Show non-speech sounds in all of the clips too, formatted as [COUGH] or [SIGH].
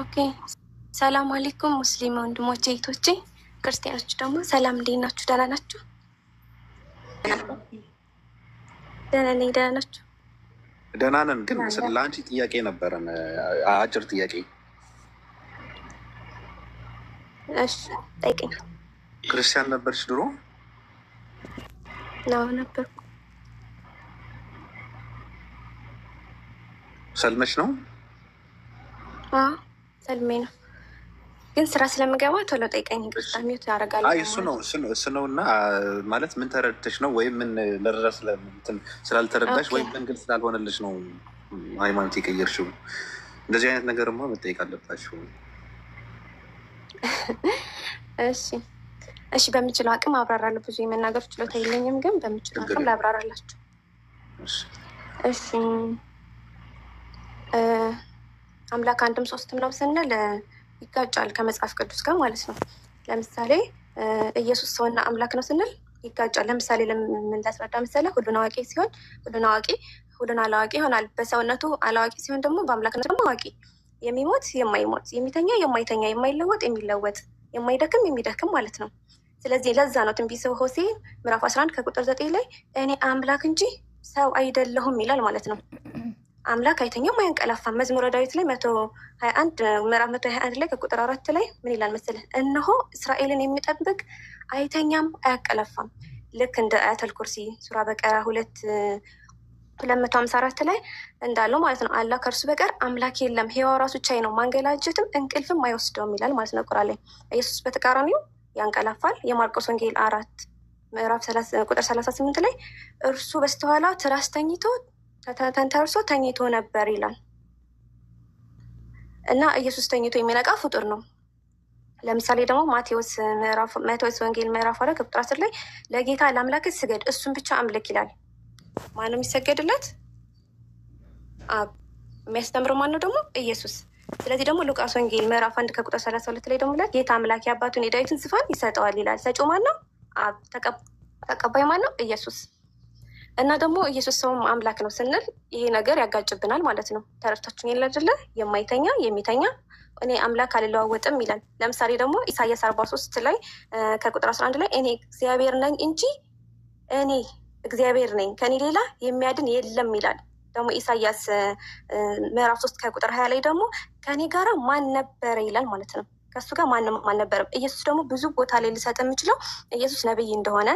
ኦኬ ሰላም አሌይኩም ሙስሊም ወንድሞቼ እህቶቼ፣ ክርስቲያኖች ደግሞ ሰላም፣ እንዴት ናችሁ? ደህና ናችሁ? ደህና ነኝ። ደህና ናችሁ? ደህና ነን። ግን ለአንቺ ጥያቄ ነበረ አጭር ጥያቄ። ጠይቀኝ። ክርስቲያን ነበርሽ ድሮ? ነው ነበርኩ። ሰልመች ነው? ህልሜ ነው ግን ስራ ስለምገባ ቶሎ ጠይቀኝ። ግጣሚት ያደርጋል። አይ እሱ ነው እሱ ነው። እና ማለት ምን ተረድተሽ ነው ወይም ምን መረዳ ስላልተረዳሽ ወይም ምን መንገድ ስላልሆነልሽ ነው ሃይማኖት የቀየርሽው? እንደዚህ አይነት ነገርማ መጠየቅ አለባችሁ። [LAUGHS] እሺ እሺ፣ በምችለው አቅም አብራራለሁ። ብዙ የመናገር ችሎታ የለኝም፣ ግን በምችለው አቅም ላብራራላችሁ። እሺ አምላክ አንድም ሶስትም ነው ስንል ይጋጫል ከመጽሐፍ ቅዱስ ጋር ማለት ነው። ለምሳሌ ኢየሱስ ሰውና አምላክ ነው ስንል ይጋጫል። ለምሳሌ ለምን ላስረዳ መሰለህ? ሁሉን አዋቂ ሲሆን ሁሉን አዋቂ ሁሉን አላዋቂ ይሆናል። በሰውነቱ አላዋቂ ሲሆን ደግሞ በአምላክነቱ ደግሞ አዋቂ፣ የሚሞት የማይሞት፣ የሚተኛ የማይተኛ፣ የማይለወጥ የሚለወጥ፣ የማይደክም የሚደክም ማለት ነው። ስለዚህ ለዛ ነው ትንቢተ ሆሴዕ ምዕራፍ አስራ አንድ ከቁጥር ዘጠኝ ላይ እኔ አምላክ እንጂ ሰው አይደለሁም ይላል ማለት ነው። አምላክ አይተኛም አያንቀላፋም። መዝሙረ ዳዊት ላይ መቶ ሀያ አንድ ምዕራፍ መቶ ሀያ አንድ ላይ ከቁጥር አራት ላይ ምን ይላል መሰለህ? እነሆ እስራኤልን የሚጠብቅ አይተኛም አያንቀላፋም። ልክ እንደ አያተል ኩርሲ ሱራ በቀራ ሁለት ሁለት መቶ ሀምሳ አራት ላይ እንዳለው ማለት ነው። አላህ ከእርሱ በቀር አምላክ የለም፣ ህያው ራሱ ቻይ ነው፣ ማንገላጀትም እንቅልፍም አይወስደውም ይላል ማለት ነው። ቁራ ላይ ኢየሱስ በተቃራኒው ያንቀላፋል። የማርቆስ ወንጌል አራት ምዕራፍ ቁጥር ሰላሳ ስምንት ላይ እርሱ በስተኋላ ትራስ ተኝቶ ተንተርሶ ተኝቶ ነበር ይላል እና ኢየሱስ ተኝቶ የሚነቃ ፍጡር ነው። ለምሳሌ ደግሞ ማቴዎስ ወንጌል ምዕራፍ አረ ቁጥር አስር ላይ ለጌታ ለአምላክ ስገድ እሱን ብቻ አምልክ ይላል። ማነው ነው የሚሰገድለት? አብ። የሚያስተምረው ማን ነው ደግሞ? ኢየሱስ። ስለዚህ ደግሞ ሉቃስ ወንጌል ምዕራፍ አንድ ከቁጥር ሰላሳ ሁለት ላይ ደግሞ ጌታ አምላክ የአባቱን የዳዊትን ዙፋን ይሰጠዋል ይላል። ሰጪው ማን ነው? አብ። ተቀባይ ማን ነው? ኢየሱስ። እና ደግሞ ኢየሱስ ሰውም አምላክ ነው ስንል ይሄ ነገር ያጋጭብናል ማለት ነው። ተረፍታችን የለ አይደለ? የማይተኛ የሚተኛ እኔ አምላክ አልለዋወጥም ይላል። ለምሳሌ ደግሞ ኢሳያስ አርባ ሶስት ላይ ከቁጥር አስራ አንድ ላይ እኔ እግዚአብሔር ነኝ እንጂ እኔ እግዚአብሔር ነኝ ከኔ ሌላ የሚያድን የለም ይላል። ደግሞ ኢሳያስ ምዕራፍ ሶስት ከቁጥር ሀያ ላይ ደግሞ ከኔ ጋር ማን ነበረ ይላል ማለት ነው። ከሱ ጋር ማንም አልነበረም። ኢየሱስ ደግሞ ብዙ ቦታ ላይ ልሰጥ የምችለው ኢየሱስ ነብይ እንደሆነ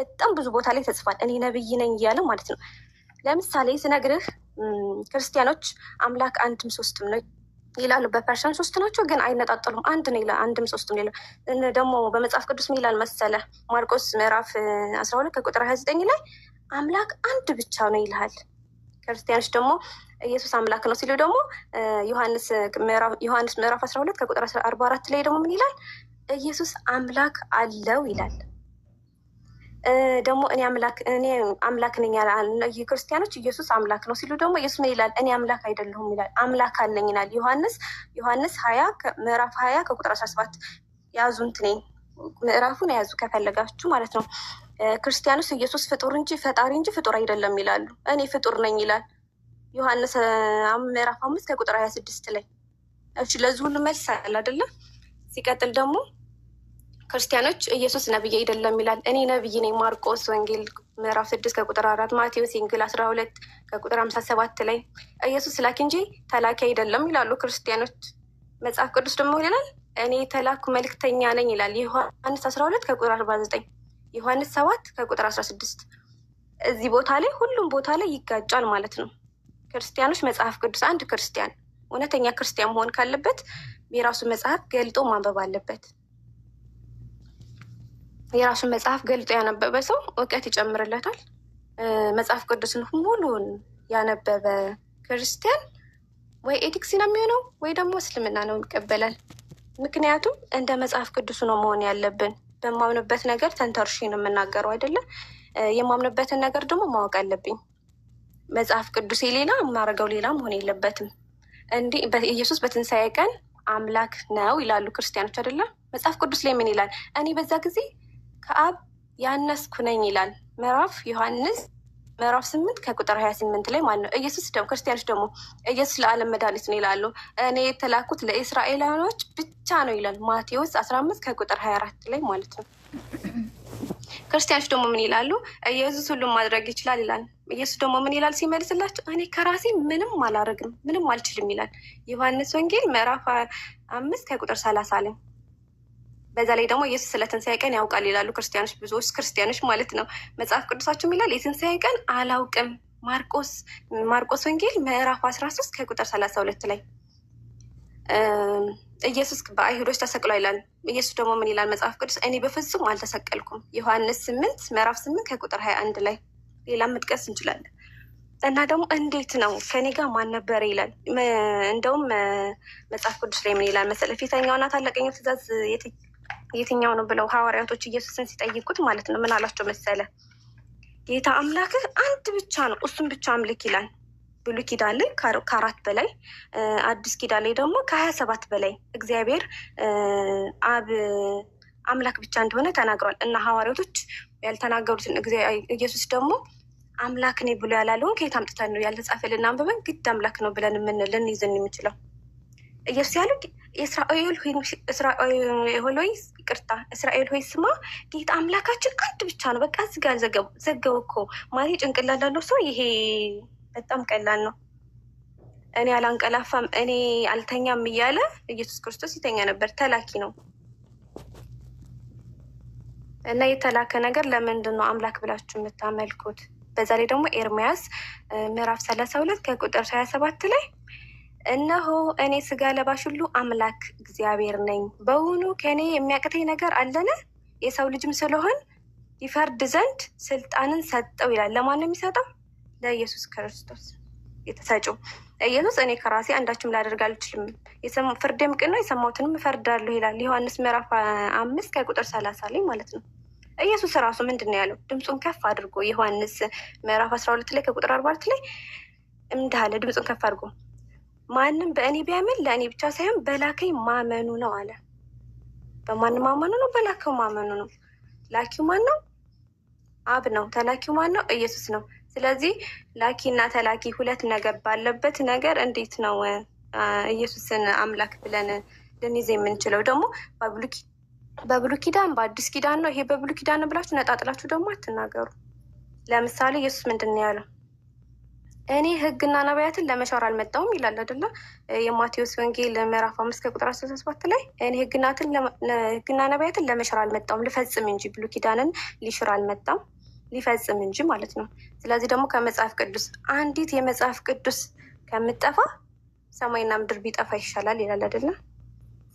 በጣም ብዙ ቦታ ላይ ተጽፏል። እኔ ነብይ ነኝ እያለ ማለት ነው። ለምሳሌ ስነግርህ ክርስቲያኖች አምላክ አንድም ሶስትም ነው ይላሉ። በፐርሻን ሶስት ናቸው ግን አይነጣጠሉም። አንድ ነው ይላል፣ አንድም ሶስትም ይላል። ደግሞ በመጽሐፍ ቅዱስ ምን ይላል መሰለ? ማርቆስ ምዕራፍ አስራ ሁለት ከቁጥር ሀያ ዘጠኝ ላይ አምላክ አንድ ብቻ ነው ይልሃል። ክርስቲያኖች ደግሞ ኢየሱስ አምላክ ነው ሲሉ ደግሞ ዮሐንስ ምዕራፍ አስራ ሁለት ከቁጥር አርባ አራት ላይ ደግሞ ምን ይላል? ኢየሱስ አምላክ አለው ይላል። ደግሞ እኔ አምላክ ነኝ ክርስቲያኖች ኢየሱስ አምላክ ነው ሲሉ ደግሞ ኢየሱስ ምን ይላል? እኔ አምላክ አይደለሁም ይላል። አምላክ አለኝ ይላል ዮሐንስ ዮሐንስ ሀያ ምዕራፍ ሀያ ከቁጥር አስራ ሰባት ያዙ እንትኔ ምዕራፉን የያዙ ከፈለጋችሁ ማለት ነው። ክርስቲያኖስ ኢየሱስ ፍጡር እንጂ ፈጣሪ እንጂ ፍጡር አይደለም ይላሉ። እኔ ፍጡር ነኝ ይላል ዮሐንስ ምዕራፍ አምስት ከቁጥር ሀያ ስድስት ላይ እሺ፣ ለዚህ ሁሉ መልስ አለ አይደለም። ሲቀጥል ደግሞ ክርስቲያኖች ኢየሱስ ነብይ አይደለም ይላል። እኔ ነብይ ነኝ ማርቆስ ወንጌል ምዕራፍ ስድስት ከቁጥር አራት ማቴዎስ ወንጌል አስራ ሁለት ከቁጥር አምሳ ሰባት ላይ ኢየሱስ ላኪ እንጂ ተላኪ አይደለም ይላሉ ክርስቲያኖች። መጽሐፍ ቅዱስ ደግሞ ይላል እኔ የተላኩ መልክተኛ ነኝ ይላል። ዮሐንስ አስራ ሁለት ከቁጥር አርባ ዘጠኝ ዮሐንስ ሰባት ከቁጥር አስራ ስድስት እዚህ ቦታ ላይ ሁሉም ቦታ ላይ ይጋጫል ማለት ነው። ክርስቲያኖች መጽሐፍ ቅዱስ አንድ ክርስቲያን እውነተኛ ክርስቲያን መሆን ካለበት የራሱ መጽሐፍ ገልጦ ማንበብ አለበት። የራሱን መጽሐፍ ገልጦ ያነበበ ሰው እውቀት ይጨምርለታል። መጽሐፍ ቅዱስን ሙሉን ያነበበ ክርስቲያን ወይ ኤቲክስ ነው የሚሆነው ወይ ደግሞ እስልምና ነው ይቀበላል። ምክንያቱም እንደ መጽሐፍ ቅዱሱ ነው መሆን ያለብን። በማምንበት ነገር ተንተርሽ ነው የምናገረው አይደለም። የማምንበትን ነገር ደግሞ ማወቅ አለብኝ። መጽሐፍ ቅዱሴ ሌላ የማደርገው ሌላ መሆን የለበትም። እንዲህ ኢየሱስ በትንሣኤ ቀን አምላክ ነው ይላሉ ክርስቲያኖች አይደለም። መጽሐፍ ቅዱስ ላይ ምን ይላል? እኔ በዛ ጊዜ ከአብ ያነስኩ ነኝ ይላል ምዕራፍ ዮሐንስ ምዕራፍ ስምንት ከቁጥር ሀያ ስምንት ላይ ማለት ነው። ኢየሱስ ደግሞ ክርስቲያኖች ደግሞ ኢየሱስ ለዓለም መድኃኒት ነው ይላሉ። እኔ የተላኩት ለእስራኤላኖች ብቻ ነው ይላል ማቴዎስ አስራ አምስት ከቁጥር ሀያ አራት ላይ ማለት ነው። ክርስቲያኖች ደግሞ ምን ይላሉ? ኢየሱስ ሁሉም ማድረግ ይችላል ይላል። ኢየሱስ ደግሞ ምን ይላል ሲመልስላቸው፣ እኔ ከራሴ ምንም አላደርግም ምንም አልችልም ይላል። ዮሐንስ ወንጌል ምዕራፍ አምስት ከቁጥር ሰላሳ ላይ በዛ ላይ ደግሞ ኢየሱስ ስለ ትንሣኤ ቀን ያውቃል ይላሉ ክርስቲያኖች፣ ብዙዎች ክርስቲያኖች ማለት ነው። መጽሐፍ ቅዱሳችሁም ይላል የትንሣኤ ቀን አላውቅም። ማርቆስ ማርቆስ ወንጌል ምዕራፍ አስራ ሶስት ከቁጥር ሰላሳ ሁለት ላይ ኢየሱስ በአይሁዶች ተሰቅሎ ይላል። ኢየሱስ ደግሞ ምን ይላል መጽሐፍ ቅዱስ? እኔ በፍጹም አልተሰቀልኩም። ዮሐንስ ስምንት ምዕራፍ ስምንት ከቁጥር ሀያ አንድ ላይ ሌላ መጥቀስ እንችላለን። እና ደግሞ እንዴት ነው ከኔ ጋር ማን ነበረ ይላል። እንደውም መጽሐፍ ቅዱስ ላይ ምን ይላል መሰለ ፊተኛውና ታላቀኛው ትእዛዝ የትኛው ነው ብለው ሐዋርያቶች ኢየሱስን ሲጠይቁት ማለት ነው ምን አላቸው መሰለ ጌታ አምላክህ አንድ ብቻ ነው፣ እሱም ብቻ አምልክ ይላል። ብሉ ኪዳን ላይ ከአራት በላይ አዲስ ኪዳን ላይ ደግሞ ከሀያ ሰባት በላይ እግዚአብሔር አብ አምላክ ብቻ እንደሆነ ተናግሯል እና ሐዋርያቶች ያልተናገሩትን ኢየሱስ ደግሞ አምላክ ነኝ ብሎ ያላለውን ከየት አምጥተን ነው ያልተጻፈልን አንብበን ግድ አምላክ ነው ብለን ምን ልንይዝ የምችለው? ኢየሱስ ያለው የእስራኤል ሆይ ይቅርታ፣ እስራኤል ሆይ ስማ፣ ጌታ አምላካችን አንድ ብቻ ነው። በቃ እዚህ ጋር ዘገው እኮ ማለት ጭንቅላት ላለው ሰው ይሄ በጣም ቀላል ነው። እኔ አላንቀላፋም እኔ አልተኛም እያለ ኢየሱስ ክርስቶስ ይተኛ ነበር። ተላኪ ነው እና የተላከ ነገር ለምንድን ነው አምላክ ብላችሁ የምታመልኩት? በዛ ላይ ደግሞ ኤርሚያስ ምዕራፍ ሰላሳ ሁለት ከቁጥር ሀያ ሰባት ላይ እነሆ እኔ ስጋ ለባሽ ሁሉ አምላክ እግዚአብሔር ነኝ። በውኑ ከእኔ የሚያቅተኝ ነገር አለነ? የሰው ልጅም ስለሆን ይፈርድ ዘንድ ስልጣንን ሰጠው ይላል። ለማን ነው የሚሰጠው? ለኢየሱስ ክርስቶስ የተሰጪው ኢየሱስ እኔ ከራሴ አንዳችም ላደርግ አልችልም፣ ፍርዴም ቅን ነው፣ የሰማሁትንም እፈርዳለሁ ይላል። ዮሐንስ ምዕራፍ አምስት ከቁጥር ሰላሳ ላይ ማለት ነው። ኢየሱስ ራሱ ምንድን ነው ያለው? ድምፁን ከፍ አድርጎ ዮሐንስ ምዕራፍ አስራ ሁለት ላይ ከቁጥር አርባ አራት ላይ እንዳለ ድምፁን ከፍ አድርጎ ማንም በእኔ ቢያምን ለእኔ ብቻ ሳይሆን በላከኝ ማመኑ ነው አለ። በማን ማመኑ ነው? በላከው ማመኑ ነው። ላኪው ማን ነው? አብ ነው። ተላኪው ማን ነው? ኢየሱስ ነው። ስለዚህ ላኪ እና ተላኪ ሁለት ነገር ባለበት ነገር እንዴት ነው ኢየሱስን አምላክ ብለን ልንይዝ የምንችለው? ደግሞ በብሉ ኪዳን በአዲስ ኪዳን ነው ይሄ በብሉ ኪዳን ብላችሁ ነጣጥላችሁ ደግሞ አትናገሩ። ለምሳሌ ኢየሱስ ምንድን ነው ያለው? እኔ ህግና ነቢያትን ለመሻር አልመጣውም ይላል አይደለ? የማቴዎስ ወንጌል ምዕራፍ አምስት ከቁጥር አስራ ሰባት ላይ እኔ ህግና ነቢያትን ለመሻር አልመጣውም ልፈጽም እንጂ ብሉይ ኪዳንን ሊሽር አልመጣም ሊፈጽም እንጂ ማለት ነው። ስለዚህ ደግሞ ከመጽሐፍ ቅዱስ አንዲት የመጽሐፍ ቅዱስ ከምጠፋ ሰማይና ምድር ቢጠፋ ይሻላል ይላል አደለም።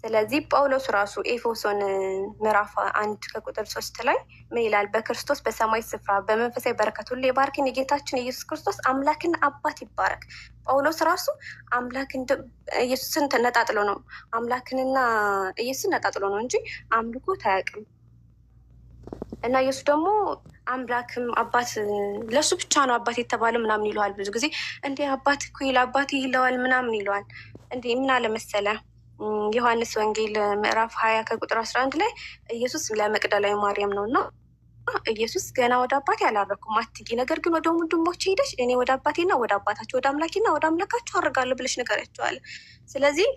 ስለዚህ ጳውሎስ ራሱ ኤፌሶን ምዕራፍ አንድ ከቁጥር ሶስት ላይ ምን ይላል? በክርስቶስ በሰማይ ስፍራ በመንፈሳዊ በረከት ሁሉ የባርክን የጌታችን የኢየሱስ ክርስቶስ አምላክን አባት ይባረክ። ጳውሎስ ራሱ አምላክን ኢየሱስን ተነጣጥሎ ነው አምላክንና ኢየሱስን ነጣጥሎ ነው እንጂ አምልኮ ታያቅም እና ኢየሱስ ደግሞ አምላክም አባት ለእሱ ብቻ ነው አባት የተባለ ምናምን ይለዋል። ብዙ ጊዜ እንደ አባት እኮ ይል አባት ይለዋል ምናምን ይለዋል። እንዲህ ምን አለመሰለ ዮሐንስ ወንጌል ምዕራፍ ሀያ ከቁጥር አስራ አንድ ላይ ኢየሱስ ለመቅደላዊ ማርያም ነው እና ኢየሱስ ገና ወደ አባቴ አላረኩም አትጊ፣ ነገር ግን ወደ ወንድሞች ሄደች እኔ ወደ አባቴና ወደ አባታችሁ ወደ አምላኬና ወደ አምላካችሁ አድርጋለሁ ብለሽ ንገሪያቸዋል። ስለዚህ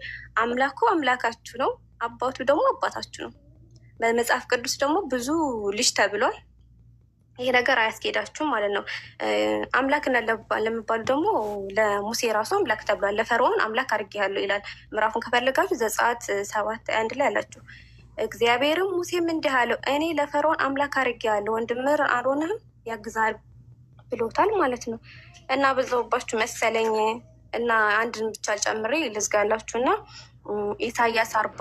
አምላኩ አምላካችሁ ነው፣ አባቱ ደግሞ አባታችሁ ነው። በመጽሐፍ ቅዱስ ደግሞ ብዙ ልጅ ተብሏል። ይሄ ነገር አያስኬዳችሁም ማለት ነው። አምላክ ለሚባሉ ደግሞ ለሙሴ ራሱ አምላክ ተብሏል። ለፈርዖን አምላክ አድርጌሃለሁ ይላል። ምዕራፉን ከፈለጋችሁ ዘጸአት ሰባት አንድ ላይ አላችሁ። እግዚአብሔርም ሙሴም እንዲህ አለው እኔ ለፈርዖን አምላክ አድርጌሃለሁ ወንድምር አሮንህም ያግዛል ብሎታል ማለት ነው። እና በዛውባችሁ መሰለኝ። እና አንድን ብቻ ጨምሬ ልዝጋላችሁ እና ኢሳያስ አርባ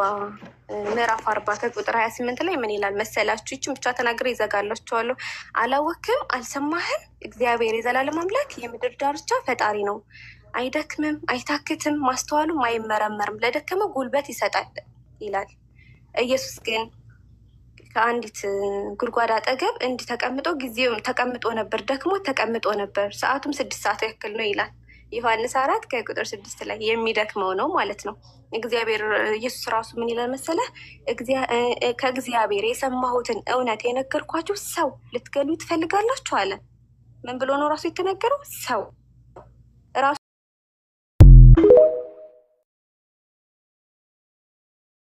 ምዕራፍ አርባ ከቁጥር ሀያ ስምንት ላይ ምን ይላል መሰላችሁ? ይችን ብቻ ተናግሬ ይዘጋላችኋለሁ። አላወክም አልሰማህም? እግዚአብሔር የዘላለም አምላክ የምድር ዳርቻ ፈጣሪ ነው። አይደክምም፣ አይታክትም፣ ማስተዋሉም አይመረመርም። ለደከመ ጉልበት ይሰጣል ይላል። ኢየሱስ ግን ከአንዲት ጉድጓድ አጠገብ እንዲህ ተቀምጦ ጊዜውም ተቀምጦ ነበር፣ ደክሞ ተቀምጦ ነበር። ሰዓቱም ስድስት ሰዓት ያክል ነው ይላል ዮሐንስ አራት ከቁጥር ስድስት ላይ የሚደክመው ነው ማለት ነው። እግዚአብሔር ኢየሱስ ራሱ ምን ይላል መሰለ? ከእግዚአብሔር የሰማሁትን እውነት የነገርኳችሁ ሰው ልትገሉ ትፈልጋላችሁ አለ። ምን ብሎ ነው ራሱ የተነገረው ሰው